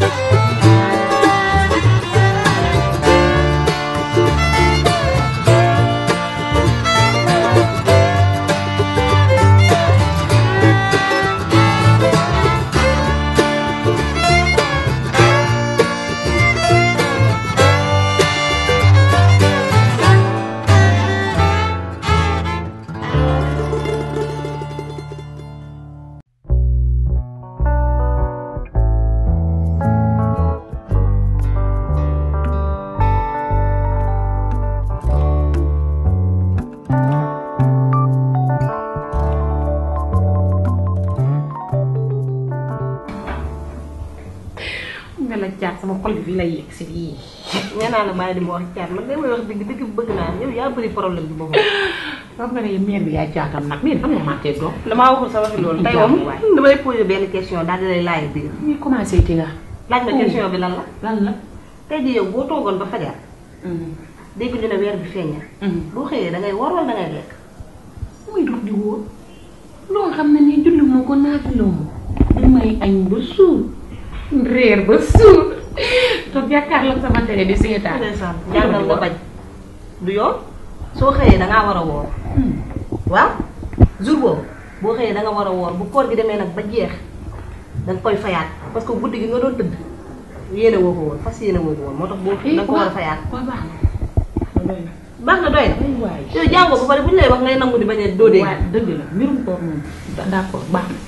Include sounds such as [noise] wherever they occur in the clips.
thank you sama xol bi lay yegg si yii. nee naa la maa ngi wax caat man de may wax dëgg dëgg bëgg naa yow yaa bëri problème bi boobu. xam nga ne maire bi yaa jaatam nag mais am na maa tee la. laaj oh. bi lan la. lan la yow boo toogoon ba fajar. Mm. dégg ñu ne weer bi feeñ na. Mm. boo xëyee da ngay war wala da lekk. muy dox di wóor. loo xam ne nii julli moo ko naafiloo. damay añ ba suur. réer ba suur. toog jàkkaarloog sama télé di seetaan. jàngal nga bañ du yoon soo xëyee da ngaa war a woor. Hmm. waaw jour boobu boo xëyee da nga war a woor bu koor gi demee nag ba jeex da nga koy fayaat parce que guddi gi nga doon tëdd yéene woo ko woon fas yéene woo ko woon moo tax boo xëy eh, da nga ko war a fayaat. baax na doy na yow jàngoo ba pare bu ñu lay wax ngay nangu di bañ a doo dee. dëgg la mbirum koor moom d'accord baax na.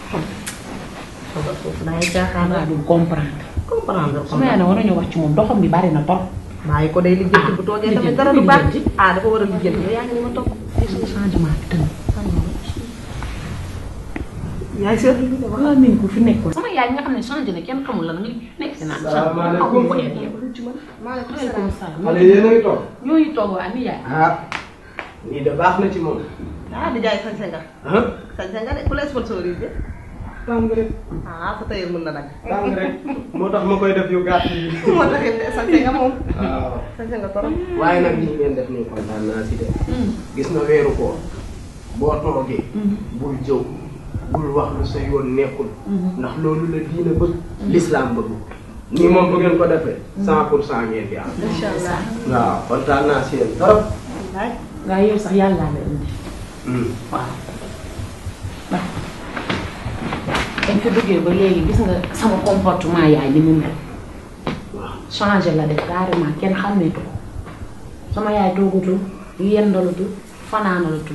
foofu da ngay caaxaan du comprendre. comprendre xam naa ne wax ci moom doxam bi bari na trop. maa ngi ko day lijjanti ah, bu toogee tamit dara lu baax ah dafa war a lijjanti yow yaa ngi ni ma toog. gis nga changement bi tënk. yaa ngi seetlu ne wala min ko fi nekkoon. sama yaay nga xam ne changé na kenn xamul lan nga nekk ko indi yow. maaleykum salaam. xale yéen a ngi toog. ñooñu toog waa ni yaay. ah nii de baax na ci moom. ah di jaay sañ-sañ nga. sañ-sañ nga de ku la tàng rek. ah mën na nag. tàng rek moo tax ma koy def yu gàtt yi. [laughs] moo tax it sant nga moom. waaw waaye nag li ñu leen def nii kontaan naa si de. Hmm. gis na weeru koor boo toogee. Hmm. bul jëw bul wax lu sa yoon nekkul. Hmm. ndax loolu la diina bëgg. lislaam bëgg. nii moom bu ngeen ko defee. 100 pour cent ngeen di am. allah waaw kontaan naa si yéen trop. waaw yow sax yàlla la indi. waaw. dañ ko duggee ba léegi gis nga sama comportement yaay ni mu mel. waaw changé la def carrément kenn xàmmeetu ko sama yaay toogutu yendalutu fanaanalutu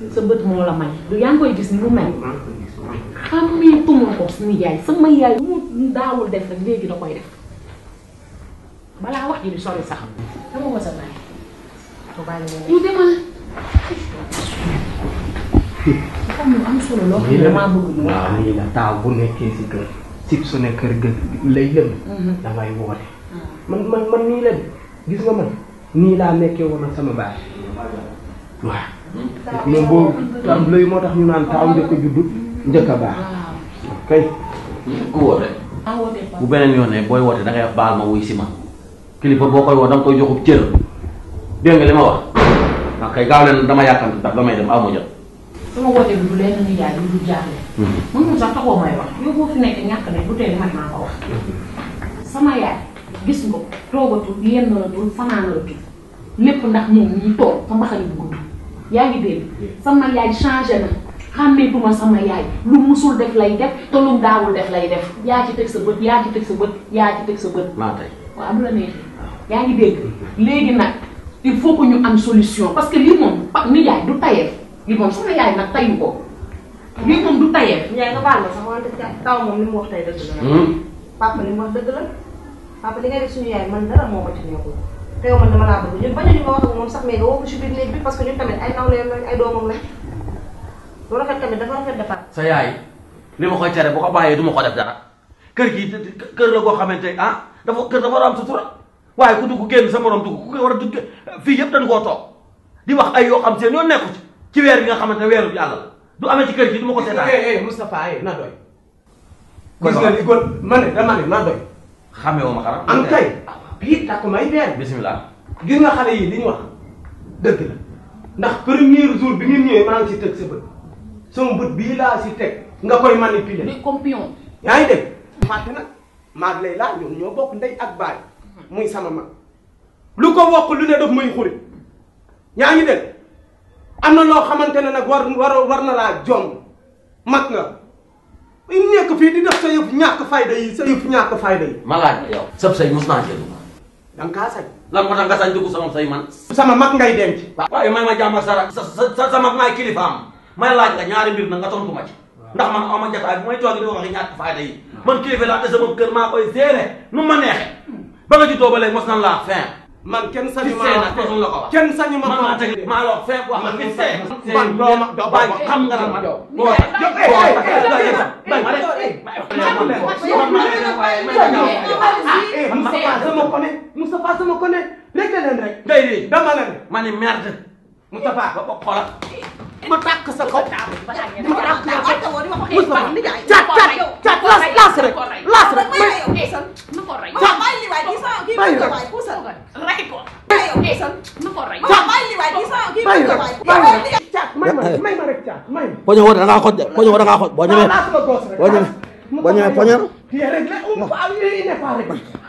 mm. sa bët moo la may du yaa ngi koy gis ni mu mel. xàmmeetuma ko suñu yaay sama yaay mu daawul def rek léegi da koy def balaa wax ji di sa bàyyi. dafa ñu am solo ne damaa bëgg la taaw bu nekkee si kër cib su kër ga lay lëm. damay woote. man man man nii la gis nga man nii laa nekkee woon sama baay. waaw. moom boo am lay moo tax ñu naan taaw njëkk a njëkk a baax. kay. ku woote. bu beneen yoon ne booy woote da ngay wax ma wuy si ma kilifa boo koy woo da nga koy joxub cër dégg nga li ma wax. kay gaaw leen dama yàkkamti ndax damay dem aw ma sama woote bi du leen ni yaay du jaaxle. mënul mhm. sax taxoo may wax yow boo fi nekk ñàkk ne bu tey man maa ko wax. sama yaay gis nga toogatul yenn la na fanaan la tul lépp ndax moom ñuy toog sa mbaxal bu gudd yaa ngi sama yaay changé na xàmmeetuma sama yaay lu musul def lay def te lu def lay def yaa ci teg sa bët yaa ci teg sa bët yaa ci teg sa bët. maa tey waaw du yaa ngi dégg mhm. léegi nag il faut que ñu am solution parce que lii moom ni yaay du tayee. li moom sama yaay nag tayu ko. lii moom du tayee. Ndiaye nga baal ma sax wante taw moom li mu wax tey dëgg la. papa li mu wax dëgg la papa li nga def suñu yaay man dara moo ma ci nekkul te yow man dama laa bëgg ñun bañ a ñu nga wax ak moom sax mais nga woo ko si biir néeg bi parce que ñun tamit ay nawleem lañ ay doomam lañ lu rafet tamit dafa rafet defar. sa yaay li ma koy tere bu ko bàyyee du ma ko def dara kër gi kër la koo xamante ah dafa kër dafa war a am sutura waaye ku dugg génn sa morom dugg ku war a dugg fii yëpp dañ koo toog di wax ay yoo xam seen yoon nekku ci ci weer bi nga xamante ne weeru yàlla la du amee ci kër gi du ma ko seetaan. eh eh, eh Moustapha eh na doy. kon gis nga li kon ma ne dama ne na doy. xamee woo ma xanaa. am kay bii takku may gis nga xale yi li ñu wax dëgg la ndax premier jour bi ngeen ñëwee maa ngi si teg sa bët sama bët bii laa si teg nga koy manipuler. ni comme pion. yaa ngi dégg. màgg nag maa lay laa ñoom ñoo bokk ndey ak baay muy sama ma lu ko wokk lu ne daf may xuri yaa ngi dégg. am na loo xamante ne nag war war war na laa jom mag nga i nekk fii di def sa ñàkk fayda yi sa yëf ñàkk fayda yi ma laaj la yow sab say mos naa jëlu da nga kaa sañ lan moo tax nga sama say man sama mag ngay denc waaye may ma jàmba sara sa sa mag maay kilifaam may laaj la ñaari mbir na nga tontu ma ci ndax man ama jataay bu may toog di wax ñàkk fayda yi man kilifa laa te sama kër maa koy gérer nu ma neexee ba nga ci toobalee mos nan laa fin man kenn sañu maa wax kenn sañu ma wax maa la wax feeb wax ma fi see man doo ma doo ma xam nga ma doo ma wax Moustapha sama kone Moustapha sama kone léegi leen rek day lii dama leen ma ni merde Moustapha ba ko xoolal ma tàkk sa kaw ma tàkk sa kaw Moustapha cat cat cat laas laas rek laas rek deesal na ko rey. may ma rek caat may ma. poñe woo da ngaa xoj de poñe woo da ngaa xoj boo ñëwee. boo ñëwee poñe.